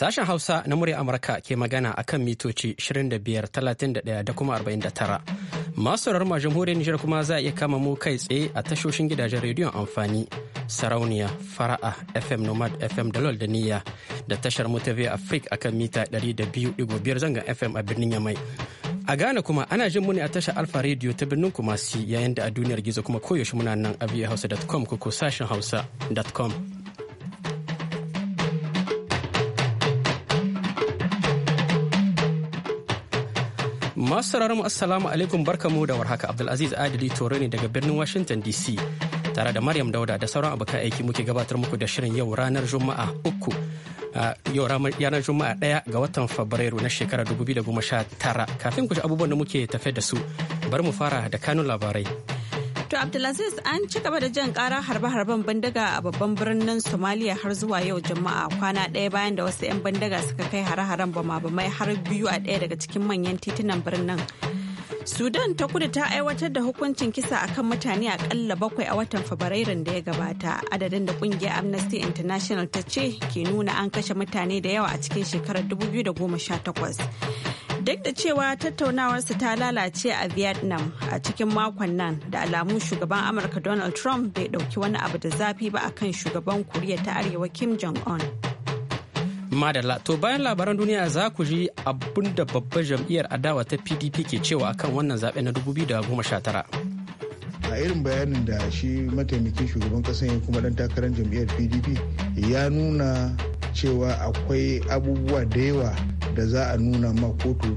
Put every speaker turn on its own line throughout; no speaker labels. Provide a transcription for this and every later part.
Sashen Hausa na murya Amurka ke magana a kan mitoci 25,31 da kuma 49. Masu rarma jamhuriyar Nijar kuma za a iya kama mu kai tsaye a tashoshin gidajen rediyon amfani, sarauniya, fara'a, FM Nomad, FM Dalol da Niyya da tashar Mutave Afrik a kan mita 200.5 zangan FM a birnin Yamai. A Ghana kuma ana jin mu ne a tashar Alfa Radio ta birnin Kumasi yayin da a duniyar gizo kuma koyaushe muna nan a hausa.com ko sashen hausa.com. Masu mu assalamu alaikum barkamu da warhaka Abdulaziz Adili Tore ne daga birnin Washington DC tare da Maryam Dauda da sauran abokan aiki muke gabatar muku da shirin yau ranar Juma'a uku. yau ranar Juma'a ɗaya ga watan Fabrairu na shekarar tara kafin ku ji abubuwan da muke tafe da su bari mu fara da kanun labarai.
To Abdulaziz an ci gaba da jan kara harbe-harben bandaga a babban birnin Somalia har zuwa yau Juma'a kwana ɗaya bayan da wasu 'yan bandaga suka kai hare-haren bama-bamai har biyu a ɗaya daga cikin manyan titunan birnin. Sudan ta kudu ta aiwatar da hukuncin kisa a kan mutane akalla bakwai a watan Fabrairun da ya gabata adadin da kungiyar Amnesty International ta ce ke nuna an kashe mutane da yawa a cikin shekarar 2018. Duk da cewa su ta lalace a Vietnam a cikin makon nan da alamun shugaban Amurka Donald Trump bai dauki wani abu da zafi ba akan shugaban Koriya ta Arewa Kim Jong-un.
Madalla, to bayan labaran duniya za ku ji abin da babbar jam'iyyar adawa ta PDP ke cewa akan wannan zaɓe na 2019.
a irin bayanin da shi mataimakin shugaban kasan ya kuma ɗan takarar jam'iyyar pdp ya nuna cewa akwai abubuwa da yawa da za a nuna ma kotu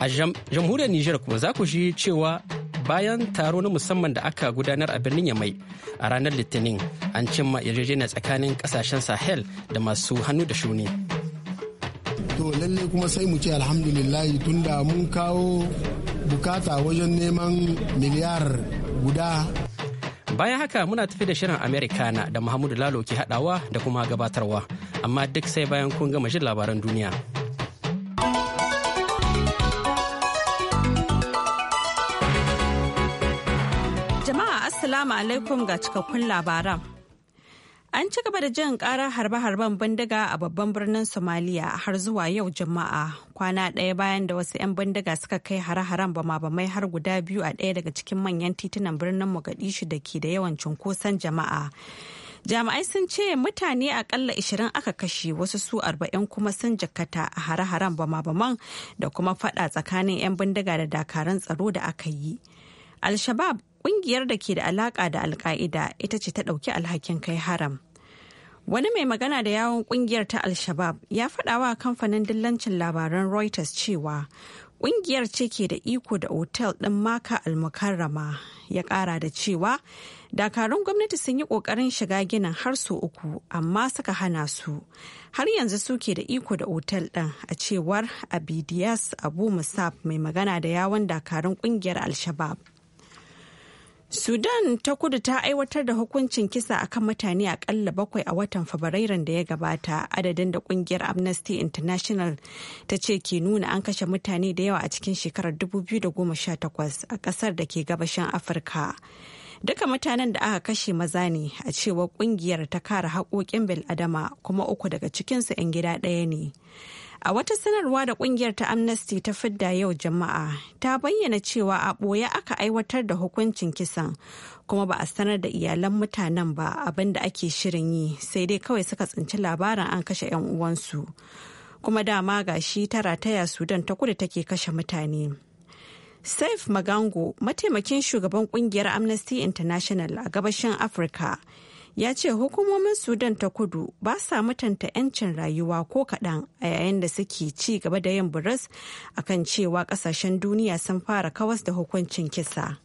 a jamhuriyar nijar kuma za ku shi cewa bayan taro na musamman da aka gudanar a birnin yamai a ranar litinin an cimma yarjejeniya tsakanin kasashen sahel da masu hannu da shuni
to lallai kuma sai mu ce alhamdulillahi tunda mun kawo bukata wajen neman miliyar guda
Bayan haka muna tafi da shirin Americana da Muhammadu Lalo ke haɗawa da kuma gabatarwa, amma duk sai bayan kun gama shi labaran duniya.
Jama'a Assalamu alaikum ga cikakkun labaran. An ci gaba da jin ƙara harbe-harben bindiga a babban birnin Somaliya har zuwa yau Juma'a kwana ɗaya bayan da wasu 'yan bindiga suka kai hare-haren bama-bamai har guda biyu a ɗaya daga cikin manyan titunan birnin Mogadishu da ke da yawan cunkoson jama'a. Jami'ai sun ce mutane akalla 20 aka kashe wasu su 40 kuma sun jakata a hare-haren bama-baman da kuma faɗa tsakanin 'yan bindiga da dakarun tsaro da aka yi. al kungiyar da ke da alaka da alka'ida ita ce ta ɗauki alhakin kai haram. Wani mai magana da yawon kungiyar ta Al-Shabab ya faɗawa kamfanin dillancin labaran Reuters cewa kungiyar ce ke da iko da otel ɗin maka almukarrama ya ƙara da cewa dakarun gwamnati sun yi ƙoƙarin shiga ginin har su uku amma suka hana su har yanzu suke da iko da otel ɗin a cewar abidiyas abu musab mai magana da yawon dakarun kungiyar al-shabab Sudan ta kudu ta aiwatar da hukuncin kisa akan mutane akalla bakwai a watan Fabrairun da ya gabata adadin da kungiyar Amnesty International ta ce ke nuna an kashe mutane da yawa a cikin shekarar 2018 a kasar da ke gabashin Afirka. Duka mutanen da aka kashe maza ne a cewa kungiyar ta kare haƙoƙin adama kuma uku daga cikinsu 'yan gida ɗaya ne. A wata sanarwa da kungiyar ta Amnesty ta fidda yau jama'a ta bayyana cewa a ɓoye aka aiwatar da hukuncin kisan kuma ba a sanar da iyalan mutanen ba abin da ake shirin yi sai dai kawai suka tsinci labarin an kashe 'yan uwansu. Kuma dama gashi tara ta Sudan ta kudu take kashe mutane. Saif Magango, mataimakin shugaban kungiyar Amnesty International a gabashin Afirka, ya ce hukumomin Sudan ta kudu ba sa mutunta 'yancin rayuwa ko kaɗan a yayin da suke ci gaba da yin buras akan cewa ƙasashen duniya sun fara kawas da hukuncin kisa.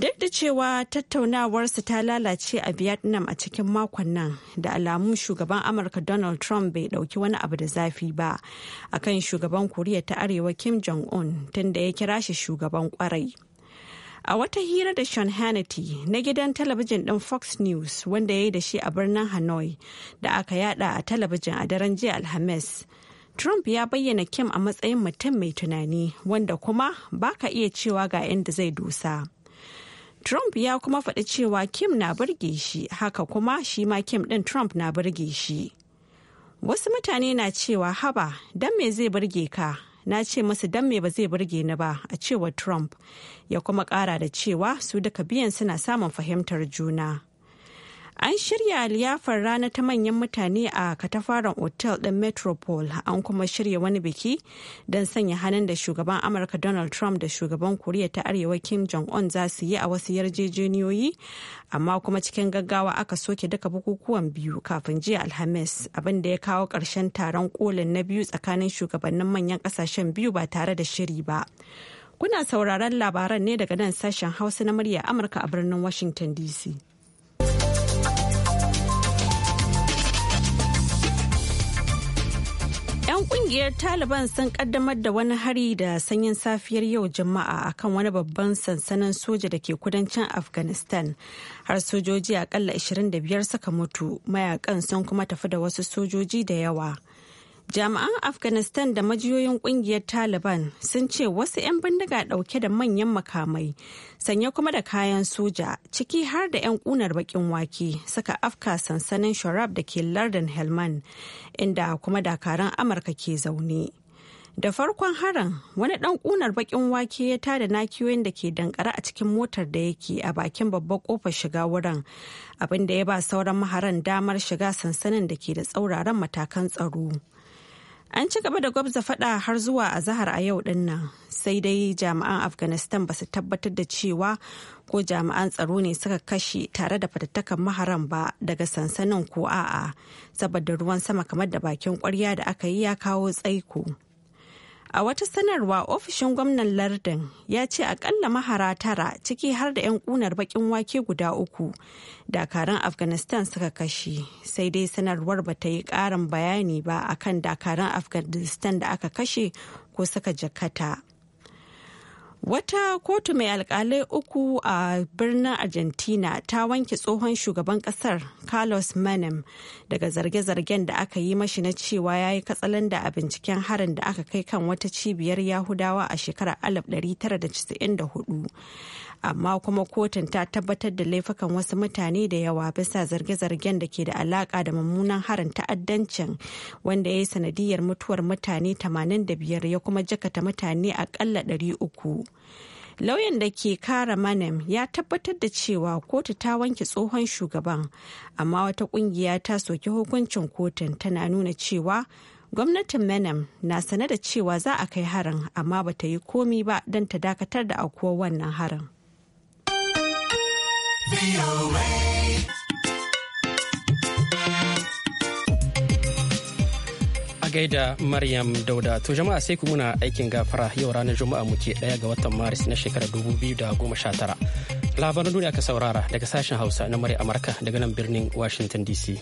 Duk da cewa tattaunawarsa ta lalace a Vietnam a cikin makon nan da alamun shugaban Amurka Donald Trump bai dauki wani abu da zafi ba a kan shugaban Koriya ta Arewa Kim Jong-un tunda ya kira shi shugaban kwarai. A wata hira da Sean Hannity na gidan talabijin ɗin Fox News wanda ya yi da shi a birnin Hanoi da aka yada a talabijin a daren jiya Alhamis. Trump ya bayyana Kim a matsayin mutum mai tunani wanda kuma baka iya cewa ga inda zai dusa. Trump ya kuma faɗi cewa Kim na burge shi haka kuma shi ma Kim ɗin Trump na burge shi. Wasu mutane na cewa haba don me zai burge ka na ce masu don me ba zai burge ni ba a cewa Trump ya kuma ƙara da cewa su duka biyan suna samun fahimtar juna. An shirya liyafar rana ta manyan mutane a katafaren otel ɗin Metropole an kuma shirya wani biki don sanya hannun da shugaban Amurka Donald Trump da shugaban Koriya ta Arewa Kim Jong-un za su yi a wasu yarjejeniyoyi, amma kuma cikin gaggawa aka soke duka bukukuwan biyu kafin jiya Alhamis abin da ya kawo ƙarshen taron kolin na biyu tsakanin shugabannin manyan ƙasashen biyu ba tare da shiri ba. Kuna sauraron labaran ne daga nan sashen Hausa na murya Amurka a birnin Washington DC. 'Yan kungiyar Taliban sun kaddamar da wani hari da sanyin safiyar yau a akan wani babban sansanin soja da ke kudancin Afghanistan. Har sojoji akalla 25 suka mutu, mayakan sun kuma tafi da wasu sojoji da yawa. jami'an afghanistan da majiyoyin kungiyar taliban sun ce wasu 'yan bindiga dauke da manyan makamai sanye kuma da kayan soja ciki har da 'yan kunar bakin wake suka afka sansanin sharab da ke lardin helman inda kuma dakaran amurka ke zaune da farkon harin wani dan kunar bakin wake ya tada nakiyoyin da ke dankare a cikin motar da yake a bakin babbar kofar shiga wurin abinda ya ba sauran maharan damar shiga sansanin da ke da tsauraran matakan tsaro An ci gaba da gwabza fada har zuwa a zahar a yau din nan sai dai jami'an Afghanistan ba su tabbatar da cewa ko jami'an tsaro ne suka kashe tare da fatattakan maharan ba daga sansanin ko a'a saboda ruwan sama kamar da bakin kwarya da aka yi ya kawo tsaiko. A wata sanarwa ofishin gwamnan lardin ya ce akalla mahara tara ciki har da 'yan kunar bakin wake guda uku dakaran Afghanistan suka kashe sai dai sanarwar ba ta yi karin bayani ba akan dakaran Afghanistan da aka kashe ko suka jakata. Wata kotu mai alkalai uku a birnin Argentina ta wanke tsohon shugaban kasar Carlos Menem daga zarge-zargen da aka yi mashi na cewa ya yi da a binciken harin da aka kai kan wata cibiyar Yahudawa a shekarar 1994. amma kuma kotun ta tabbatar da laifukan wasu mutane da yawa bisa zarge-zargen da ke da alaka da mummunan harin ta'addancin wanda ya yi sanadiyar mutuwar mutane 85 ya kuma jakata mutane akalla 300 lauyan da ke kara manem ya tabbatar da cewa kotu ta wanke tsohon shugaban amma wata kungiya ta soki hukuncin kotun tana nuna cewa gwamnatin manem na sane da cewa za a kai harin amma bata yi komi ba don ta dakatar da akuwa wannan harin
gaida Maryam Dauda. To jama'a sai ku muna aikin gafara yau ranar Juma'a muke ɗaya ga watan Maris na shekarar dubu biyu da goma 2019. Labaran duniya ka saurara daga sashen Hausa na Murya Amurka daga nan birnin Washington DC.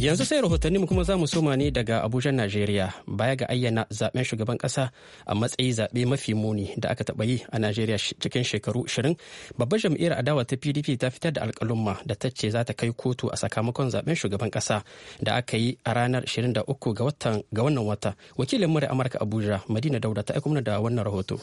Yanzu sai rahotanninmu kuma za mu soma ne daga Abuja, Najeriya, baya ga ayyana zaben shugaban kasa a matsayi zaɓe mafi muni da aka taɓa yi a Najeriya cikin shekaru 20. Babbar jam'iyyar adawa ta PDP ta fitar da alƙalumma da ta ce za ta kai kotu a sakamakon zaben shugaban kasa da aka yi a ranar 23 ga watan ga wannan wata. Wakilin murya Amurka Abuja, Madina Dauda ta aiko mana da wannan rahoto.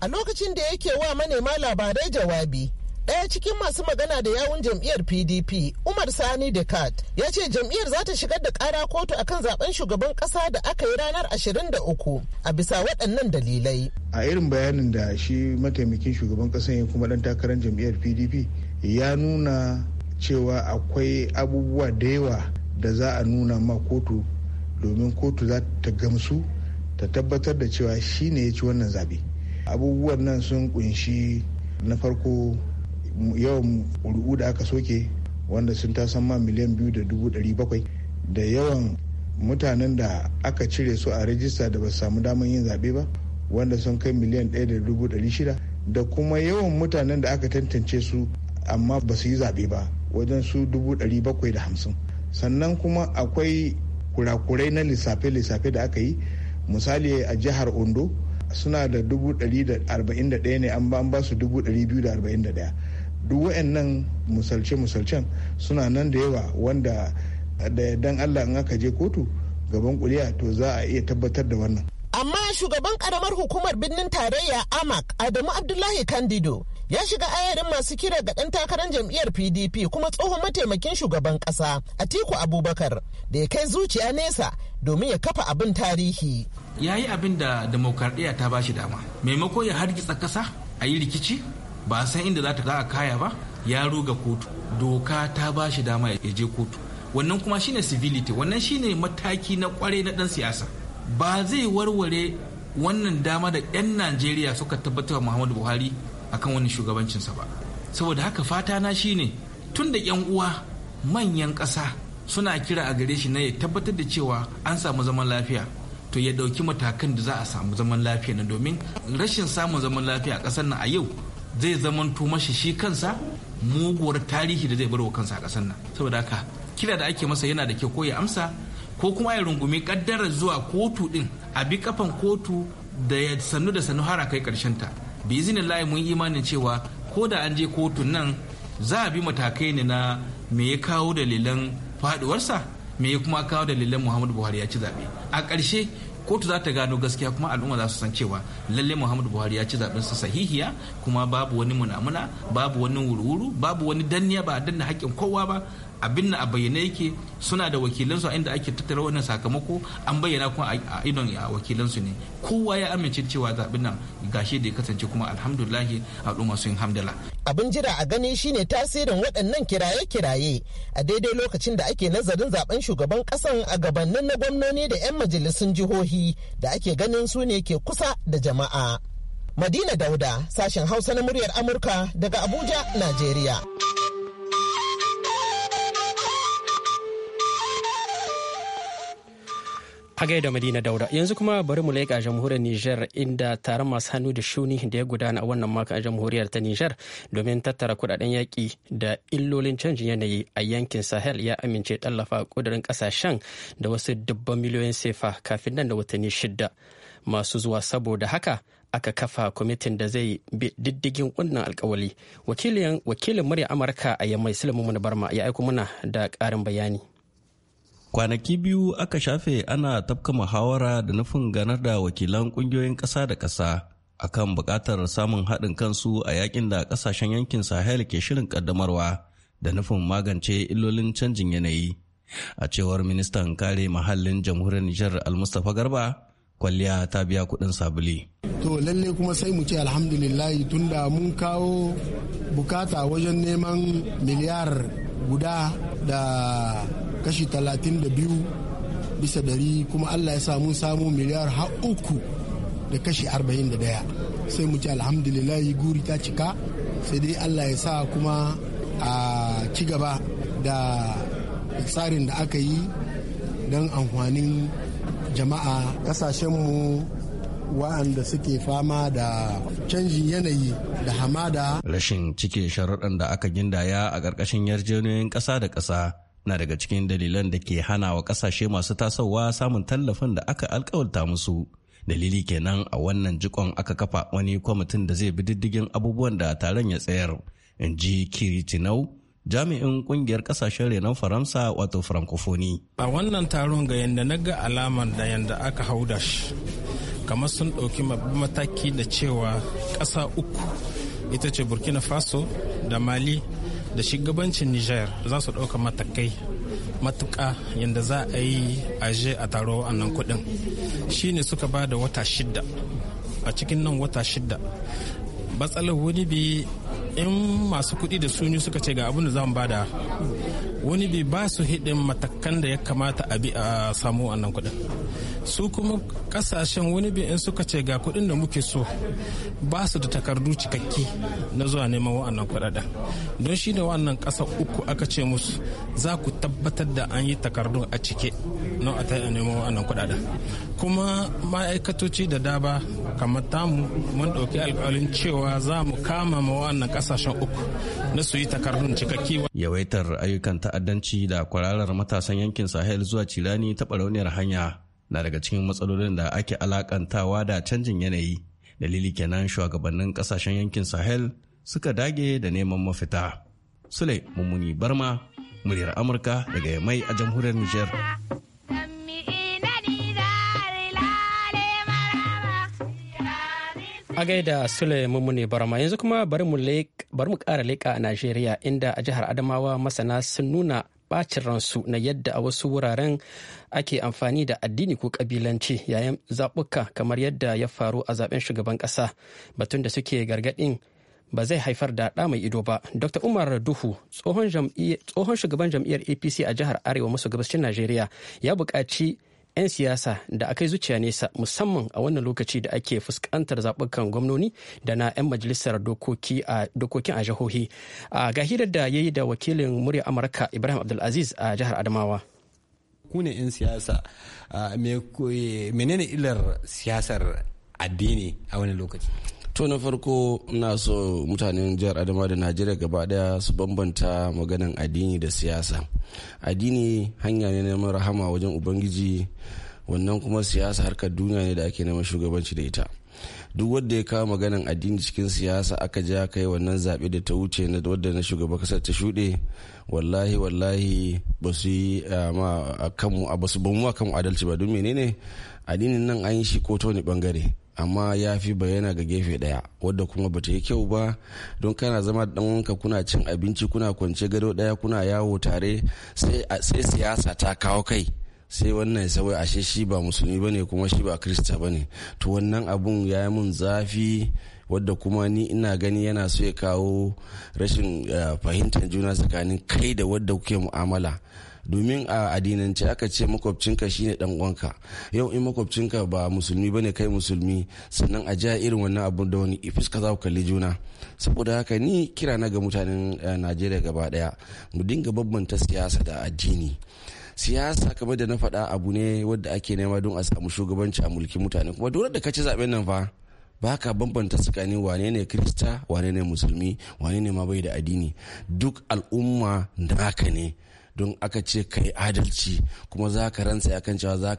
A lokacin da yake wa manema labarai jawabi, Ɗaya cikin masu magana da yawun jam'iyyar PDP, Umar Sani Dekat, ya ce jam'iyyar za ta shigar da ƙara kotu akan zaben shugaban ƙasa da aka yi ranar 23 a bisa waɗannan dalilai.
A irin bayanin da shi mataimakin shugaban ƙasa ya kuma ɗan takarar jam'iyyar PDP ya nuna cewa akwai abubuwa da yawa da za a nuna ma kotu domin kotu za ta gamsu ta tabbatar da cewa shi ne ya ci wannan zaɓe Abubuwan nan sun ƙunshi na farko yawan ƙuri'u da aka soke wanda sun tasan ma miliyan biyu da dubu ɗari bakwai da yawan mutanen da aka cire su a rajista da ba su samu damar yin zaɓe ba wanda sun kai miliyan ɗaya da dubu ɗari shida da kuma yawan mutanen da aka tantance su amma ba su yi zaɓe ba wajen su dubu ɗari bakwai da hamsin sannan kuma akwai kurakurai na lissafe-lissafe da aka yi misali a jihar ondo suna da dubu ɗari da arba'in da ɗaya ne an ba su dubu ɗari biyu da arba'in da ɗaya duk wa'annan musalce-musalcen suna nan da yawa wanda da dan allah in aka je kotu gaban kuliya to za a iya tabbatar da wannan
amma shugaban karamar hukumar birnin tarayya amak adamu abdullahi kandido ya shiga ayarin masu kira ga ɗan takarar jam'iyyar pdp kuma tsohon mataimakin shugaban ƙasa atiku abubakar da ya kai zuciya nesa domin ya kafa abin tarihi
ya yi abin da ta bashi dama maimako ya hargitsa ƙasa a yi rikici ba a san inda za ta ga kaya ba ya ruga kotu doka ta ba shi dama ya je kotu wannan kuma shine civility wannan shine mataki na kware na dan siyasa ba zai warware wannan dama da 'yan najeriya suka tabbatar muhammadu buhari akan wani shugabancinsa ba saboda haka fata na shine tun da 'yan uwa manyan ƙasa suna kira a gare shi na ya tabbatar da cewa an samu zaman lafiya to ya ɗauki matakan da za a samu zaman lafiya na domin rashin samun zaman lafiya a ƙasar nan a yau zai zamanto mashi shi kansa muguwar tarihi da zai bar wa kansa a ƙasar nan saboda haka kila da ake masa yana da kyau ko ya amsa ko kuma ya rungumi kaddara zuwa kotu din a bi kafan kotu da ya sannu da sannu har a kai karshen ta bi izinin layi mun imanin cewa ko da an je kotun nan za a bi matakai ne na me ya kawo dalilan faduwarsa me ya kuma kawo dalilan muhammadu buhari ya ci zaɓe a ƙarshe kotu za ta gano gaskiya kuma al'umma za su san cewa lalle muhammadu buhari ya ci zaben su sahihiya kuma babu wani munamuna babu wani wuruwuru babu wani danniya ba a danna haƙƙin kowa ba abin na a bayyane yake suna da wakilansu a inda ake tattara wannan sakamako an bayyana kuma a idon wakilansu ne kowa ya amince cewa zaɓen nan gashi da ya kasance kuma alhamdulahi ɗuma sun hamdala.
abin jira a gani shine tasirin waɗannan kiraye-kiraye a daidai lokacin da ake nazarin zaben shugaban ƙasan a gabanin na gwamnoni da 'yan majalisun jihohi da ake ganin su ne ke kusa da jama'a. Madina Dauda, sashen Hausa na muryar Amurka daga Abuja, Najeriya.
Hagai da Madina Dauda. Yanzu kuma bari mu leƙa jamhuriyar Nijar inda taron masu hannu da shuni da ya gudana a wannan maka jamhuriyar ta Nijar domin tattara kudaden yaƙi da illolin canjin yanayi a yankin Sahel ya amince tallafa kudurin kasashen da wasu dubban miliyoyin sefa kafin nan da watanni shida. Masu zuwa saboda haka aka kafa kwamitin da zai bi diddigin wannan alkawali. Wakilin murya Amurka a yammai Sulaimu Barma ya aiko mana da karin bayani. kwanaki biyu aka shafe ana
tafka muhawara da nufin ganar da wakilan kungiyoyin ƙasa da ƙasa akan buƙatar samun haɗin kansu a yakin da ƙasashen yankin sahel ke shirin ƙaddamarwa da nufin magance illolin canjin yanayi a cewar ministan kare mahallin jamhuriyar nijar almustapha garba kwalliya ta biya kuɗin sabuli
to lalle kuma sai mu ce alhamdulillahi tunda mun kawo bukata wajen neman miliyar guda da kashi 32 bisa dari kuma allah ya samu samu miliyar uku da kashi 41 sai mu ci alhamdulillah guri ta cika sai dai allah ya sa kuma a ci gaba da tsarin da aka yi don amfanin jama'a mu wa'anda suke fama da canjin yanayi da hamada
rashin cike sharuɗan da aka gindaya a ƙarƙashin yarjejeniyoyin ƙasa da ƙasa na daga cikin dalilan da ke hana wa kasashe masu tasowa samun tallafin da aka alkawalta musu dalili kenan a wannan jikon aka kafa wani kwamitin da zai bi diddigin abubuwan da taron ya tsayar in ji kiritinau jami'in kungiyar kasashen renon faransa wato francophonie
a wannan taron ga yadda na ga alamar da yadda aka da shi kamar sun ɗauki mataki da cewa ƙasa uku ita ce burkina faso da mali da shugabancin niger za su ɗauka matakai matuƙa yadda za a yi aje a taro wannan kuɗin shi ne suka ba da wata shidda a cikin nan wata shidda matsalar wani bi in masu kuɗi da suni suka ce ga abin da za mu bada wani bai ba su hidin matakan da ya kamata a bi a samu wannan kuɗin su kuma kasashen wani bai in suka ce ga kuɗin da muke so ba su da takardu cikakki na zuwa neman wa'annan kuɗaɗen don shi da wannan ƙasa uku aka ce musu za ku tabbatar da an yi takardun a cike na a tayi neman wa'annan kuɗaɗen kuma ma'aikatoci da daba kamar tamu mun ɗauki alƙalin cewa za mu kama ma wa'annan kasashen uku na su yi takardun cikakke. Yawaitar
ayyukan ta'addanci da kwararar matasan yankin Sahel zuwa Cirani ta barauniyar hanya na daga cikin matsalolin da ake alakantawa da canjin yanayi. Dalili kenan shugabannin kasashen yankin Sahel suka dage da neman mafita. Sule Mummuni Barma, muryar Amurka daga Yamai a jamhuriyar Nijar.
A gaida Sule mune barama yanzu kuma bari mu kara leƙa a Najeriya inda a jihar Adamawa masana sun nuna bacin ransu na yadda a wasu wuraren ake amfani da addini ko kabilanci yayin zaɓuka kamar yadda ya faru a zaben shugaban ƙasa batun da suke gargaɗin ba zai haifar da ɗa mai ido ba. Dr. Umar Duhu, tsohon shugaban jam'iyyar APC a jihar Arewa maso gabashin Najeriya, ya buƙaci 'yan siyasa da aka yi zuciya nesa musamman a wannan lokaci da ake fuskantar zaɓukan gwamnoni da na 'yan majalisar dokokin a jihohi a gahirar da ya yi da wakilin murya amurka ibrahim abdulaziz a jihar adamawa ku ne 'yan siyasa eh, menene illar siyasar addini a wani lokaci
to na farko na so mutanen jihar adama da najeriya gaba daya su bambanta maganan addini da siyasa addini hanya ne na rahama wajen ubangiji wannan kuma siyasa harkar duniya ne da ake neman shugabanci da ita duk wanda ya kawo maganan addini cikin siyasa aka ja kai wannan zaɓe da ta wuce na wadda na shugaban kasar ta shuɗe wallahi wallahi ba su yi ma kanmu ba su ba mu kanmu adalci ba don menene addinin nan an yi shi ko ta wani bangare amma ya fi bayyana ga gefe daya wadda kuma ba ta yi kyau ba don kana zama da wanka kuna cin abinci kuna kwance gado daya kuna yawo tare sai siyasa ta kawo kai sai wannan sai ashe shi ba musulmi ba ne kuma shi ba krista ne to wannan abun ya yi mun zafi wadda kuma ni ina gani yana so ya kawo rashin eh, fahimtar juna tsakanin kai da wadda kuke mu'amala domin a addinance aka ce makwabcinka shine dan uwanka yau in makwabcinka ba musulmi bane kai musulmi sannan a ja irin wannan abun da wani ifiska za ku kalli juna saboda haka ni kira na ga mutanen eh, najeriya gaba daya mu dinga bambanta siyasa da addini siyasa kamar da na faɗa abu ne wadda ake nema don a samu shugabanci a mulkin mutane kuma dole da ka ci zaben nan fa ba ka bambanta tsakanin wane ne krista wane ne musulmi wane ne ma bai da addini duk al'umma naka ne don aka ce ka yi adalci kuma za ka rantsa akan cewa za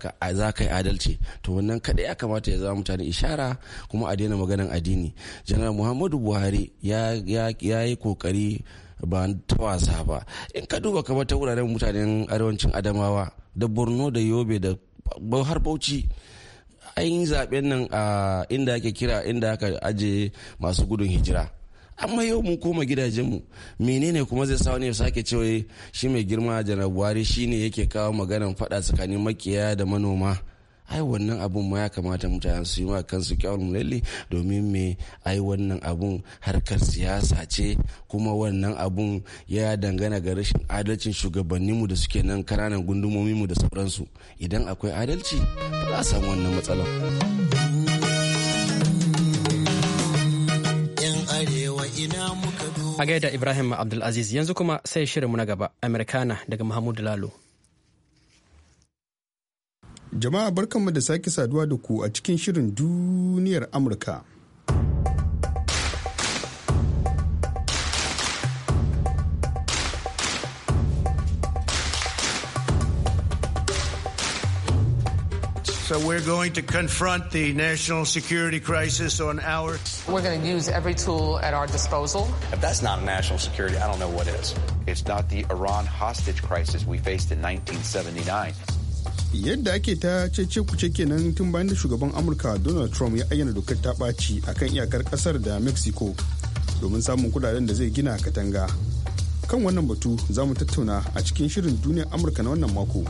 ka yi adalci to wannan kaɗai ya kamata ya zama mutane ishara kuma a daina maganan addini janar muhammadu buhari ya yi kokari ba ta wasa ba in ka duba kamar ta wuraren mutanen arewacin adamawa da borno da yobe da har bauchi an zaben nan a inda ake kira inda aka ajiye masu gudun hijira amma yau mun koma gidajenmu menene kuma zai sa wani ya sake cewa shi mai girma janar buhari ne yake kawo maganan fada tsakanin makiya da manoma ai wannan abun ma ya kamata mutane su yi ma kansu kyawun lalle domin me ai wannan abun harkar siyasa ce kuma wannan abun ya dangana ga rashin adalcin shugabanninmu da suke nan kananan gundumominmu da sauransu idan akwai adalci ba za a samu wannan matsalar.
ina
A gaida Ibrahim Abdulaziz yanzu kuma sai shirinmu na gaba
Americana daga Mahmud Lalo. Jama'a barkanmu da sake saduwa da ku a cikin shirin duniyar Amurka.
So we're going to confront the national security crisis on our. We're going to use
every tool at our disposal. If that's not a national security, I don't know what is. It's not the Iran hostage crisis we faced in 1979. yadda ake ta cece kenan tun bayan da shugaban amurka donald trump ya ayyana dokar ta ɓaci a kan iyakar ƙasar da mexico domin samun kudaden da zai gina katanga kan wannan batu za mu tattauna a cikin shirin duniyar amurka na wannan mako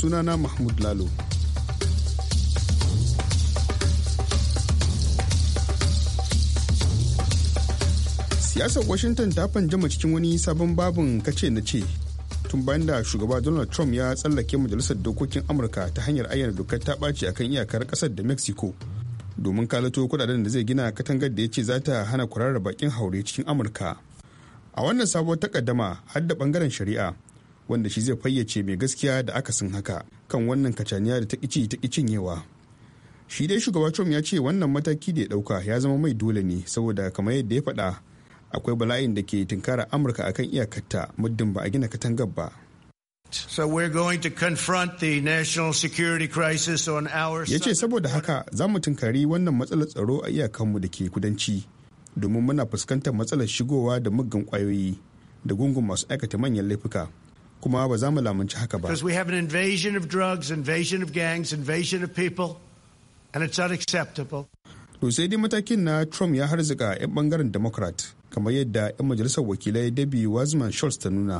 sunana mahmud lalo siyasar washington ta fanjama cikin wani sabon babin kace na ce tun bayan da shugaba donald trump ya tsallake majalisar dokokin amurka ta hanyar ayyana dokar ta ɓaci akan iyakar ƙasar da mexico domin kalato kudaden da zai gina katangar da ya ce za ta hana kurarra bakin haure cikin amurka a wannan sabuwar takaddama har da bangaren shari'a wanda shi zai fayyace mai gaskiya da aka akasin haka kan wannan kacaniya da ta ƙici ta cinyewa shi dai shugaba trump ya ce wannan mataki da ya ɗauka ya zama mai dole ne saboda kamar yadda ya faɗa akwai bala'in da ke tunkara amurka a kan iyakarta muddin ba a gina katangar ba
So we're going to confront the national security crisis on our Ya ce
saboda haka za mu tunkari wannan matsalar tsaro a iyakanmu da ke kudanci domin muna fuskantar matsalar shigowa da muggan kwayoyi da gungun masu aikata manyan laifuka. kuma ba za mu lamunci haka ba.
we have an invasion of drugs, invasion of gangs,
invasion of people, and it's unacceptable. sai dai matakin na Trump ya harzika 'yan bangaren Democrat kamar yadda 'yan majalisar wakilai debbie wasman schultz ta nuna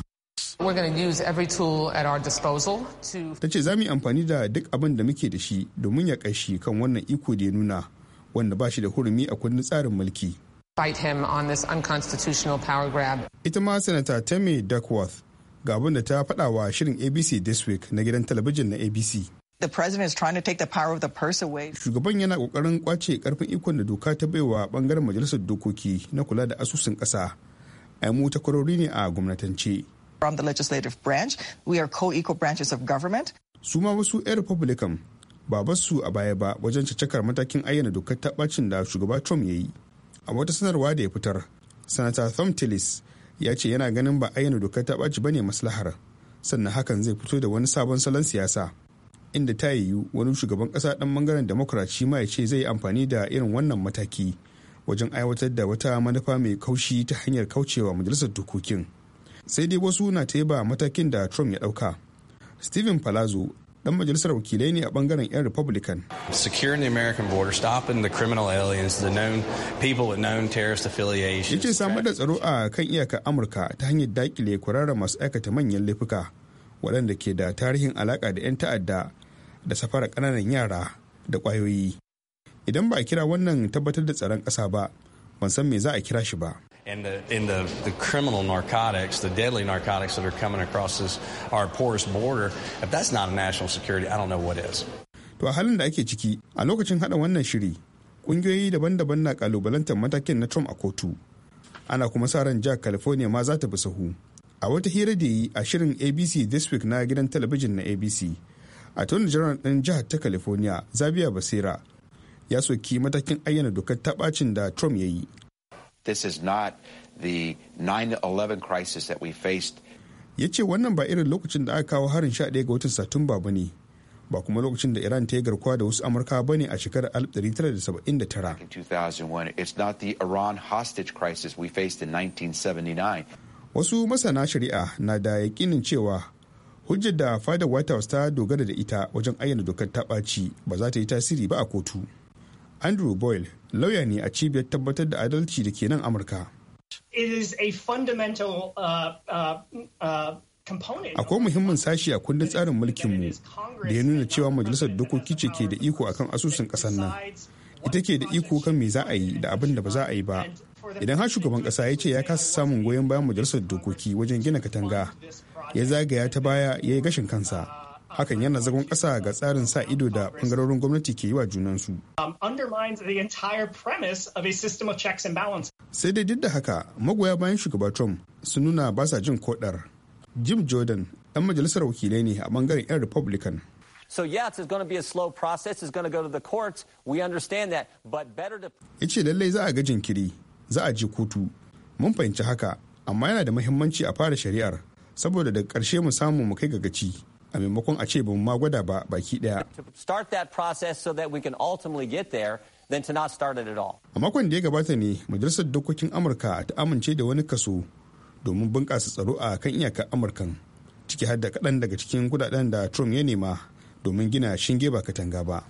ta ce za mu yi amfani da duk abin da muke da shi domin ya kashi kan wannan iko da ya nuna wanda ba shi da hurumi a kundin tsarin mulki ita ma sanata tammy duckworth ga abin da ta faɗa shirin abc this week na gidan talabijin na abc Shugaban yana kokarin kwace karfin ikon da doka ta baiwa bangaren majalisar dokoki na kula da asusun kasa. Ai mu takwarori ne a gwamnatance. From the legislative branch, we are co-equal branches of government. Su ma wasu 'yan Republican ba basu a baya ba wajen cacakar matakin ayyana dokar ta bacin da shugaba Trump ya yi. A wata sanarwa da ya fitar, Sanata Tom Tillis ya ce yana ganin ba ayyana dokar ta ɓaci ba ne maslahar, sannan hakan zai fito da wani sabon salon siyasa. inda ta yiwu wani shugaban kasa dan bangaren democrat shi ma ya ce zai amfani da irin wannan mataki wajen aiwatar da wata manufa mai kaushi ta hanyar kaucewa majalisar dokokin sai dai wasu na ta ba matakin da trump ya dauka stephen palazzo dan majalisar wakilai ne a bangaren 'yan republican
securing the american border stopping the criminal aliens the known people with known terrorist affiliations
yace samar da tsaro a kan iyakar amurka ta hanyar dakile kwararra masu aikata manyan laifuka waɗanda ke da tarihin alaka da 'yan ta'adda da safarar ƙananan yara da ƙwayoyi idan ba a kira wannan tabbatar da tsaron ƙasa ba ban san me za a kira shi ba
And the, and the, the criminal narcotics, the deadly narcotics that are coming across this, our porous border, if that's not a national security, I don't know what is.
To a halin da ake ciki, a lokacin hada wannan shiri, kungiyoyi daban-daban na kalubalantar matakin na Trump a kotu. Ana kuma sa ran jihar California ma za ta bi sahu. A wata hira da yi a shirin ABC This Week na gidan talabijin na ABC, attorney general ɗin jihar ta california zabiya basira ya soki matakin ayyana dokar taɓacin da trump ya yi ya ce wannan ba irin lokacin da aka kawo harin 11 ga watan satumba ba ne ba kuma lokacin da iran ta yi garkuwa da wasu amurka ba ne a shekarar 1979 wasu masana shari'a na da yakinin cewa hujjar da fadar white house ta dogara da ita wajen ayyana dokar ta ɓaci ba za ta yi tasiri ba a kotu andrew boyle lauya ne a cibiyar tabbatar da adalci da ke nan amurka
uh, uh, uh,
akwai muhimmin sashi a kundin tsarin mulkinmu da ya nuna cewa majalisar dokoki ce ke da iko akan asusun ƙasar nan ita ke da iko kan me za a yi da abin da ba za a yi ba idan har shugaban kasa ya ce ya kasa samun goyon bayan majalisar dokoki wajen gina katanga ya zagaya ta baya ya yi gashin kansa hakan yana zagon ƙasa ga tsarin sa ido da ɓangarorin gwamnati ke yi wa junansu. Um, Sai dai duk da haka magoya bayan shugaba Trump su nuna ba sa jin koɗar. Jim Jordan ɗan majalisar wakilai ne a ɓangaren 'yan Republican.
So yeah, it's going to be a slow process. It's going to go to the courts. We understand that, but better to.
Ice lallai za a ga jinkiri, za a je kotu. Mun fahimci haka, amma yana da muhimmanci a fara shari'ar. saboda da karshe mu samu mu kai ga gaci a maimakon a ce ba mu ma gwada ba baki ɗaya. A makon da ya gabata ne majalisar dokokin Amurka ta amince da wani kaso domin bunƙasa tsaro a kan iyakar Amurkan ciki har da kaɗan daga cikin kudaden da Trump ya nema domin gina shinge ba katanga ba.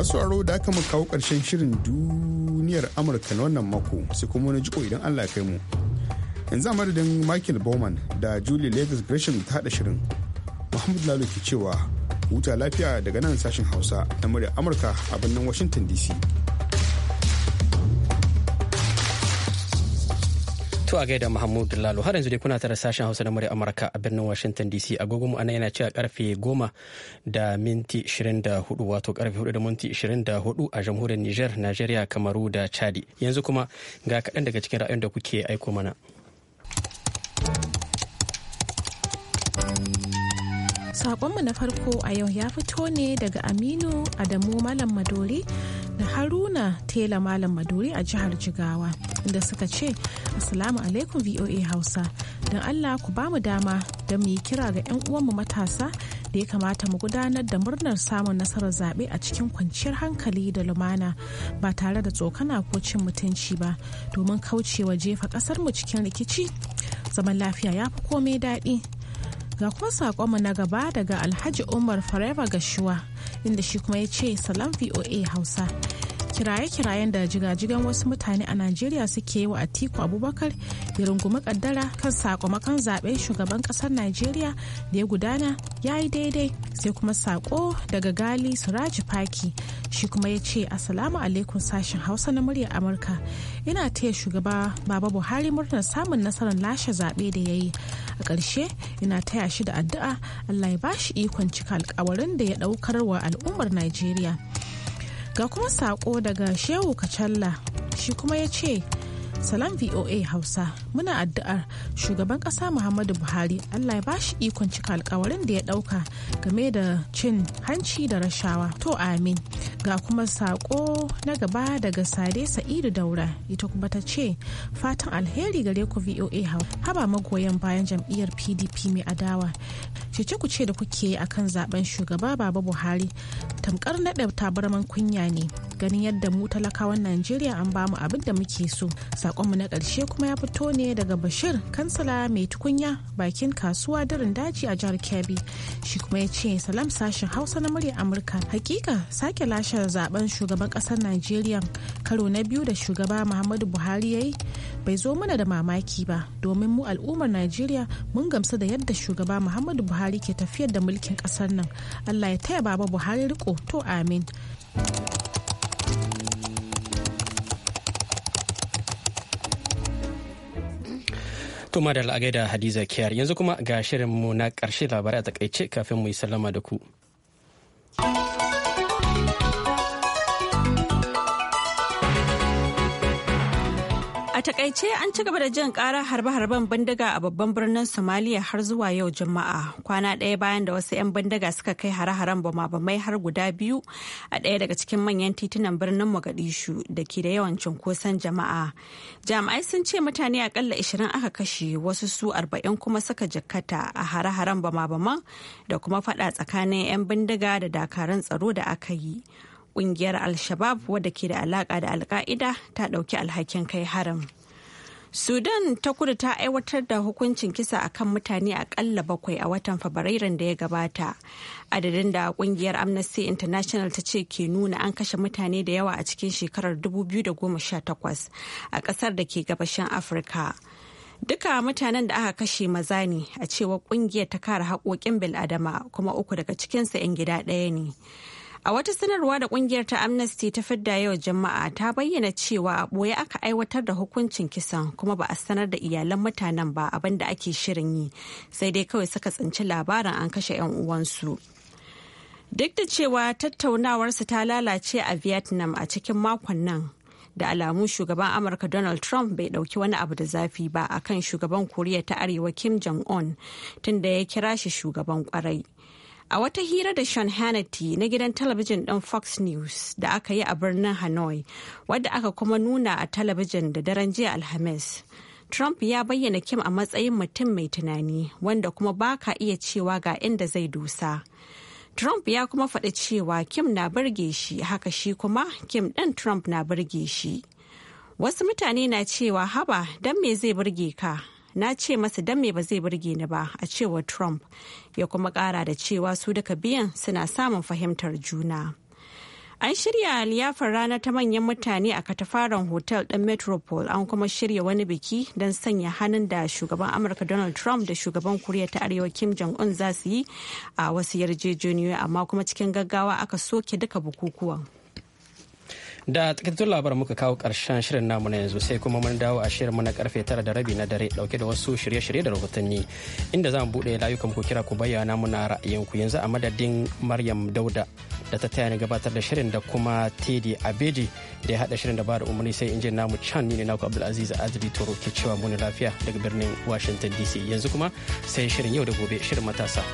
masu aro da aka mu kawo ƙarshen shirin duniyar amurka na wannan mako sai kuma wani jiko idan allah kai mu yanzu a madadin michael bowman da julie lagos gresham ta haɗa shirin muhammadu lalo ke cewa huta lafiya daga nan sashen hausa na murya amurka a birnin washington dc
To a gaida Muhammadu Lalo har yanzu dai kuna tare sashen Hausa na murya Amurka a birnin Washington DC agogo mu anan yana cewa karfe goma da minti 24 wato karfe 4 da minti 24 a jamhuriyar Niger, Nigeria, Kamaru da Chadi. Yanzu kuma ga kaɗan daga cikin ra'ayin da kuke aiko mana.
saƙonmu na farko a yau ya fito ne daga Aminu Adamu Malam Madori da haruna tela malam maduri a jihar jigawa inda suka ce assalamu alaikum voa hausa don allah ku bamu dama da mu yi kira ga 'yan uwanmu matasa da ya kamata mu gudanar da murnar samun nasarar zaɓe a cikin kwanciyar hankali da lumana ba tare da tsokana ko cin mutunci ba domin kaucewa jefa ƙasarmu cikin rikici zaman lafiya ya fi komai daɗi Ga kuma saƙonmu na gaba daga Alhaji Umar Forever Gashuwa inda shi kuma ya ce Salam VOA Hausa. kiraye-kirayen da jigajigan wasu mutane a najeriya suke yi wa atiku abubakar ya rungumi kaddara kan sakamakon zaben shugaban ƙasar najeriya da ya gudana ya yi daidai sai kuma sako daga gali suraji faki shi kuma ya ce asalamu alaikum sashen hausa na muryar amurka ina taya shugaba baba buhari murnar samun nasarar lashe zaɓe da ya yi a ƙarshe ina taya shi da addu'a allah ya bashi ikon cika alƙawarin da ya ɗaukar wa al'ummar najeriya Ga kuma saƙo daga Shehu Kacalla shi kuma ya ce, salam voa hausa muna addu'ar shugaban kasa muhammadu buhari allah ya bashi ikon cika alkawarin da ya dauka game da cin hanci da rashawa to amin ga kuma sako na gaba daga sade sa'idu daura ita kuma ta ce fatan alheri gare ku voa hau haba magoyan bayan jam'iyyar pdp mai adawa cece ku ce da kuke akan zaben shugaba baba buhari tamkar naɗa tabarman kunya ne ganin yadda mu talakawan najeriya an bamu abin da muke so Sakonmu na ƙarshe kuma ya fito ne daga Bashir kansala mai tukunya bakin kasuwa darin daji a jihar Kebbi. Shi kuma ya ce salam sashen Hausa na murya Amurka. Hakika sake lashe zaben shugaban ƙasar nigeria karo na biyu da shugaba Muhammadu Buhari ya yi bai zo mana da mamaki ba domin mu al'ummar nigeria mun gamsu da yadda shugaba Muhammadu Buhari ke tafiyar da mulkin ƙasar nan. Allah ya taya baba Buhari riko to amin.
To da a gaida Hadiza Kiyar yanzu kuma ga shirinmu na ƙarshe labarai a takaice kafin mu yi sallama da ku.
takaice an ci gaba da jin karar harbe-harben bindiga a babban birnin Somalia har zuwa yau Juma'a kwana ɗaya bayan da wasu 'yan bindiga suka kai hare-haren bama-bamai har guda biyu a ɗaya daga cikin manyan titunan birnin Mogadishu da ke da yawan cunkoson jama'a. Jami'ai sun ce mutane akalla 20 aka kashe wasu su 40 kuma suka jikkata a hare-haren bama da kuma faɗa tsakanin 'yan bindiga da dakarun tsaro da aka yi. ƙungiyar al-shabab wadda ke da alaƙa da alka'ida ta ɗauki alhakin kai haram. Sudan ta kudu ta aiwatar da hukuncin kisa a kan mutane akalla bakwai a watan Fabrairun da ya gabata. Adadin da kungiyar Amnesty International ta ce ke nuna an kashe mutane da yawa a cikin shekarar 2018 a kasar da ke gabashin Afirka. Duka mutanen da aka kashe maza ne a cewa kungiyar ta kare haƙoƙin bil'adama kuma uku daga cikinsu 'yan gida ɗaya ne. A wata sanarwa da kungiyar ta Amnesty ta fidda yau jama'a ta bayyana cewa a ɓoye aka aiwatar da hukuncin kisan kuma ba a sanar da iyalan mutanen ba abin da ake shirin yi sai dai kawai suka tsinci labarin an kashe 'yan uwansu. Duk da cewa tattaunawarsu ta lalace a Vietnam a cikin makon nan da alamu shugaban amurka donald trump bai dauki wani abu da zafi ba akan shugaban koriya ta arewa kim jong-un tunda ya kira shi shugaban kwarai A wata hira da Sean Hannity na gidan talabijin ɗin Fox News da aka yi a birnin Hanoi, wadda aka kuma nuna a talabijin da daren jiya Alhamis. Trump ya bayyana Kim a matsayin mutum mai tunani wanda kuma baka iya cewa ga inda zai dusa. Trump ya kuma faɗi cewa Kim na burge shi haka shi kuma Kim ɗin Trump na burge shi. Wasu mutane na cewa haba don me zai burge ka na ce masa dan me ba zai burge ni ba a cewar trump ya kuma kara da cewa su duka biyan suna samun fahimtar juna an shirya liyafar rana ta manyan mutane a katafaren hotel ɗin metropole an kuma shirya wani biki don sanya hannun da shugaban amurka donald trump da shugaban koriya ta arewa kim jong-un za su yi a wasu yarjejeniyoyi amma kuma cikin gaggawa aka soke duka bukukuwan
da takaitattun labaran muka kawo karshen shirin namu na yanzu sai kuma mun dawo a shirin mu na karfe tara da rabi na dare dauke da wasu shirye-shirye da rahotanni inda za mu bude layukan ku kira ku bayyana na ra'ayinku yanzu a madadin Maryam Dauda da ta taya ni gabatar da shirin da kuma Teddy Abedi da ya haɗa shirin da ba da umarni sai injin namu can ne naku Abdulaziz Azri Toro ke cewa muni lafiya daga birnin Washington DC yanzu kuma sai shirin yau da gobe shirin matasa.